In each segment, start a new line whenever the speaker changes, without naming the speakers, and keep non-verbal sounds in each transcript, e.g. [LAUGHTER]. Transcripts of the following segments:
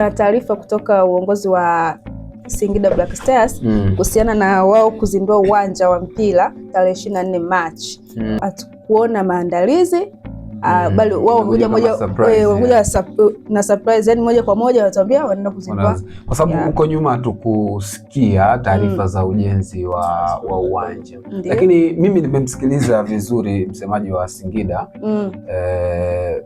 Na taarifa kutoka uongozi wa Singida Black Stars mm. kuhusiana mm. na wao kuzindua uwanja wa mpira tarehe 24 Machi. Mm. Hatukuona mm. maandalizi Ah, mm, bali wao huja moja eh, huja eh, na surprise, yani moja kwa moja watambia wanaenda kuzindua,
kwa sababu huko nyuma tukusikia taarifa mm. za ujenzi wa, wa uwanja Ndiyo. Lakini mimi nimemsikiliza vizuri msemaji wa Singida mm. eh,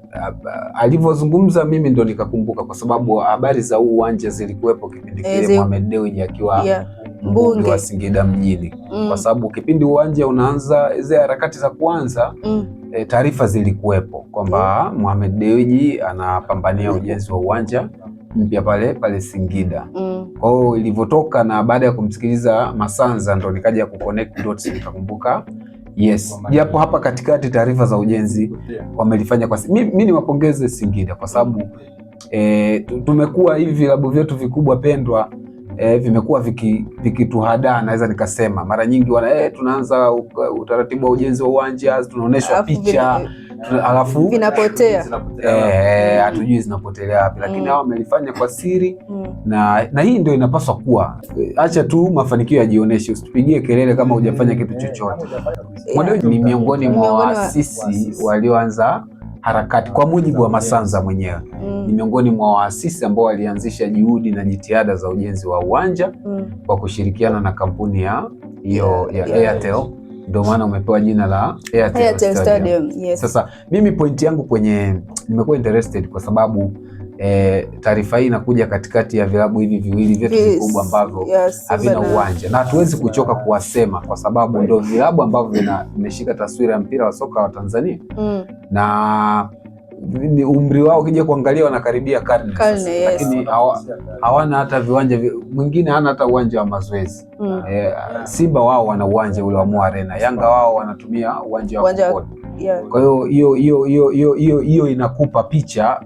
alivyozungumza mimi ndo nikakumbuka, kwa sababu habari za huu uwanja zilikuwepo kipindi eh, kile Mohamed Dewji akiwa yeah mbunge wa Singida mjini mm. kwa sababu kipindi uwanja unaanza zile harakati za kuanza mm e, taarifa zilikuwepo kwamba Mohamed Dewji anapambania ujenzi wa uwanja mpya pale pale Singida. Mm. Kwa hiyo ilivyotoka na baada ya kumsikiliza Masanza ndo nikaja kuconnect dots nikakumbuka Yes, japo hapa katikati taarifa za ujenzi wamelifanya kwa mimi niwapongeze Singida kwa sababu e, tumekuwa hivi vilabu vyetu vikubwa pendwa e, vimekuwa vikituhadaa viki, naweza nikasema mara nyingi wana e, tunaanza utaratibu wa ujenzi wa uwanja, tunaonyeshwa picha alafu
vinapotea,
eh, hatujui zinapotelea wapi, lakini mm. hao wamelifanya kwa siri mm. na, na hii ndio inapaswa kuwa. Acha tu mafanikio yajionyeshe, usitupigie kelele kama hujafanya kitu chochote. Mwadau ni miongoni mwa waasisi walioanza harakati kwa mujibu wa Masanza mwenyewe mm. ni miongoni mwa waasisi ambao walianzisha juhudi na jitihada za ujenzi wa uwanja mm. kwa kushirikiana na kampuni ya hiyo ya Airtel, ndio maana umepewa jina la Airtel
Stadium. Yes.
Sasa mimi pointi yangu kwenye, nimekuwa interested kwa sababu E, taarifa hii inakuja katikati ya vilabu hivi viwili vyetu vikubwa ambavyo yes, havina uwanja na hatuwezi kuchoka kuwasema kwa sababu ndio vilabu ambavyo vimeshika taswira ya mpira wa soka wa Tanzania mm. na ni umri wao ukija kuangalia wanakaribia karne,
karne yes. Lakini
hawana hata viwanja, mwingine hana hata uwanja wa mazoezi mm. E, Simba wao wana uwanja ule wa Arena, Yanga wao wanatumia uwanja wa Kokoni. Kwa hiyo hiyo hiyo hiyo inakupa picha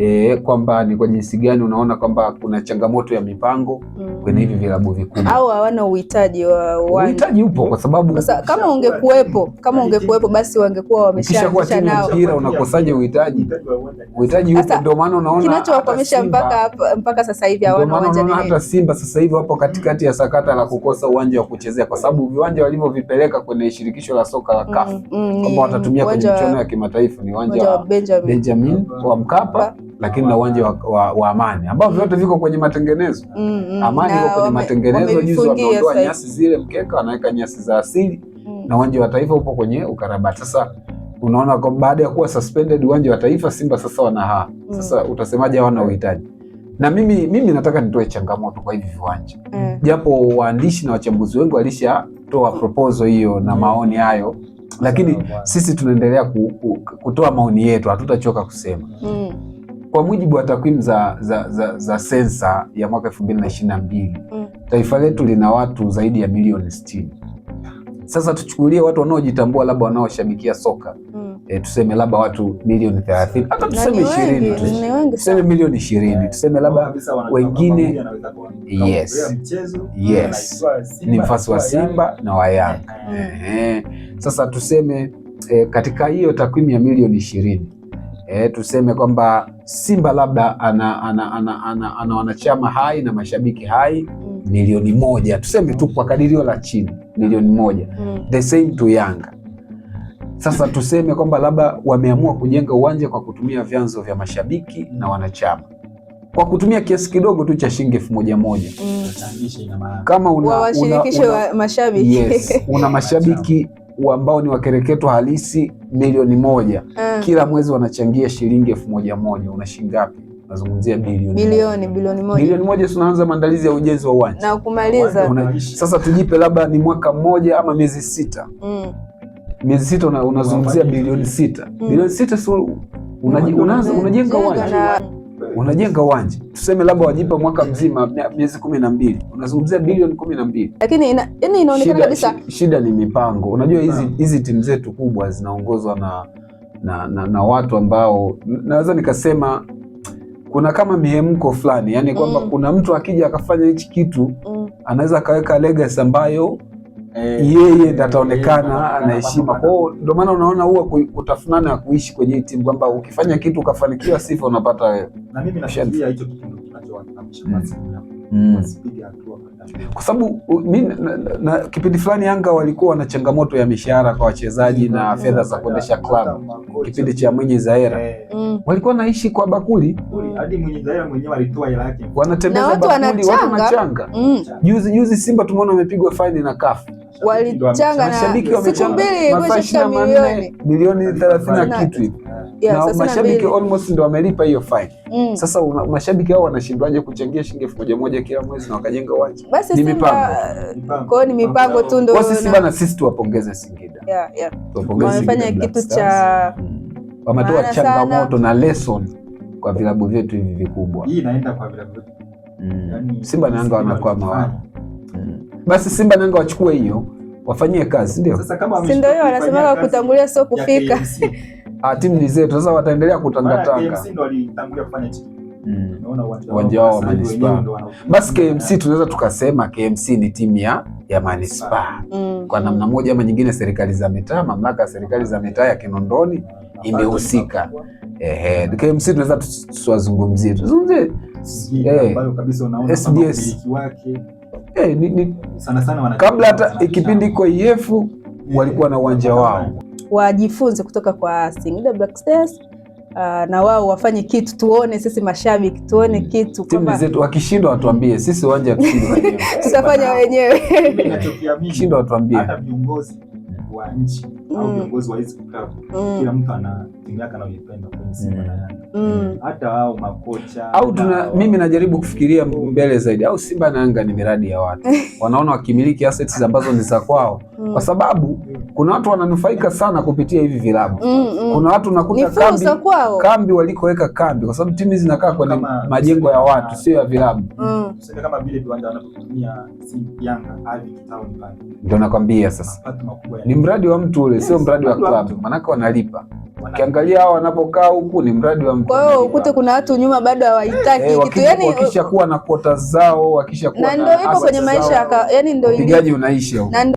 e, kwamba ni kwa jinsi gani unaona kwamba kuna changamoto ya mipango mm. kwenye hivi vilabu vikubwa
au hawana uhitaji wa
uhitaji upo, kwa sababu
Kosa, kama ungekuwepo kama ungekuwepo basi wangekuwa
wameshaanzisha nao. Mpira unakosaje uhitaji? Uhitaji upo, ndio maana unaona
kinachowakwamisha mpaka mpaka sasa hivi hawana uwanja.
Hata Simba sasa hivi wapo katikati ya sakata la kukosa uwanja wa kuchezea, kwa sababu viwanja walivyovipeleka kwenye shirikisho la soka la CAF mm, mm, kwamba watatumia kwenye michuano ya kimataifa ni uwanja wa Benjamin wa Mkapa lakini na uwanja wa, wa, wa Amani ambao vyote viko kwenye matengenezo mm, mm. Amani iko kwenye matengenezo, juzi wameondoa nyasi zile mkeka, wanaweka nyasi za asili mm. na uwanja wa Taifa upo kwenye ukarabati. Sasa unaona kwa baada ya kuwa suspended uwanja wa Taifa, Simba sasa wana haa mm. sasa, mm. utasemaje hawana uhitaji? Na mimi, mimi nataka nitoe changamoto kwa hivi viwanja mm. japo waandishi na wachambuzi wengi walishatoa proposal hiyo na mm. maoni hayo lakini sisi tunaendelea kutoa maoni yetu, hatutachoka kusema mm. Kwa mujibu wa takwimu za, za, za, za sensa ya mwaka 2022 mm. taifa letu lina watu zaidi ya milioni 60. Sasa tuchukulie watu wanaojitambua labda wanaoshabikia soka mm. e, tuseme labda watu milioni 30 hata yaani tuseme 20, tuseme milioni 20, eh, tuseme labda wengine yes, yes. ni mfasi wa Simba na wa Yanga mm. e, sasa tuseme e, katika hiyo takwimu ya milioni ishirini e, tuseme kwamba Simba labda ana, ana, ana, ana, ana wanachama hai na mashabiki hai mm. milioni moja tuseme tu kwa kadirio la chini milioni moja mm. the same to Yanga. Sasa tuseme kwamba labda wameamua kujenga uwanja kwa kutumia vyanzo vya mashabiki na wanachama kwa kutumia kiasi kidogo tu cha shilingi elfu moja moja mm.
kama una, una, una, una mashabiki
yes, una [LAUGHS] mashabiki ambao ni wakereketo halisi milioni moja mm. Kila mwezi wanachangia shilingi elfu moja moja, una shilingi ngapi? Nazungumzia bilioni
bilioni bilioni moja,
bilioni moja. Tunaanza maandalizi ya ujenzi wa uwanja
na kumaliza.
Sasa tujipe labda ni mwaka mmoja ama miezi sita mm. miezi sita unazungumzia una bilioni sita mm. bilioni sita, so unajenga uwanja wanajenga uwanja, tuseme labda wajipa mwaka mzima miezi kumi na mbili, unazungumzia bilioni kumi na mbili,
lakini ina, inaonekana kabisa
shida ni mipango. Unajua hizi ah. hizi timu zetu kubwa zinaongozwa na na, na na watu ambao naweza nikasema kuna kama mihemko fulani, yani kwamba mm. kuna mtu akija akafanya hichi kitu mm. anaweza akaweka legacy ambayo Eh, yeye ataonekana ana heshima kwao. Ndio maana unaona huwa kutafunana ya kuishi kwenye hii timu kwamba ukifanya kitu ukafanikiwa sifa unapata wewe,
na mimi nafikiria hicho kitu kinachowakilisha
mm. mm. kwa sababu mimi kipindi fulani Yanga walikuwa na changamoto ya mishahara kwa wachezaji na fedha za kuendesha klabu, kipindi cha mwenye Zaera eh. mm. walikuwa naishi kwa bakuli, wanatembeza bakuli, watu wanachanga. Mm. Juzi juzi Simba tumeona wamepigwa faini na kafu
walichanga na siku mbili
kushika milioni milioni thelathini na kitu hivi yeah, na mashabiki almost ndo wamelipa hiyo fine mm. Sasa una, mashabiki hao wanashindwaje kuchangia shilingi elfu moja moja kila mwezi na wakajenga uwanja?
Basi Ni mipango uh, kwao, ni mipango tu ndio.
Sisi bana, sisi tuwapongeze Singida,
yeah, yeah. tuwapongeze wamefanya kitu cha mm.
wametoa changamoto na lesson kwa vilabu vyetu hivi vikubwa.
Hii inaenda kwa vilabu
mm. yani, Simba na Yanga wanakuwa mawana. Basi Simba na Yanga wachukue hiyo wafanyie kazi, ndio
si ndio? Hiyo wanasemaga kutangulia sio kufika. [LAUGHS]
Ah, timu ni zetu sasa, wataendelea kutangatanga uwanja mm. wao wa manispaa. Basi KMC tunaweza tukasema KMC ni timu ya ya manispaa mm. Kwa namna moja ama nyingine, serikali za mitaa, mamlaka ya serikali za mitaa ya Kinondoni imehusika. Ehe, KMC tunaweza tusiwazungumzie, tuzungumzie hey, eh, ni, ni, sana sana kabla hata kipindi iko IF walikuwa na uwanja wao,
wajifunze kutoka kwa Singida Black Stars. Uh, ah, na wao wafanye kitu tuone, sisi mashabiki tuone hmm. kitu.
Timu zetu wakishindwa watuambie, sisi uwanja
[LAUGHS] tutafanya wenyewe,
wakishindwa watuambie,
hata viongozi wa nchi au mm. viongozi wa hizi klabu, mm. kila mtu ana timu yake anayoipenda kwenye mm. Simba na Yanga, hata makocha
au tuna. Mimi najaribu kufikiria mbele zaidi, au Simba na Yanga ni miradi ya watu [LAUGHS] wanaona wakimiliki assets ambazo ni za kwao, kwa sababu kuna watu wananufaika sana kupitia hivi vilabu. Kuna watu nakuta kambi, kambi walikoweka kambi, kwa sababu timu zinakaa kwenye majengo ya watu, sio ya vilabu. ndo kama vile viwanja wanavyotumia Yanga, ndio nakwambia sasa ni mradi wa mtu ule sio mradi wa klabu, maanake wanalipa Ukiangalia hao wanapokaa huku ni mradi wa mtu. Kwa
hiyo ukute kuna watu nyuma bado hawahitaki eh,
kitu. Yaani Wakisha kuwa na kota zao,
wakishakuwa na, na ndio hivyo kwenye maisha yani ndio
upigaji unaisha huko.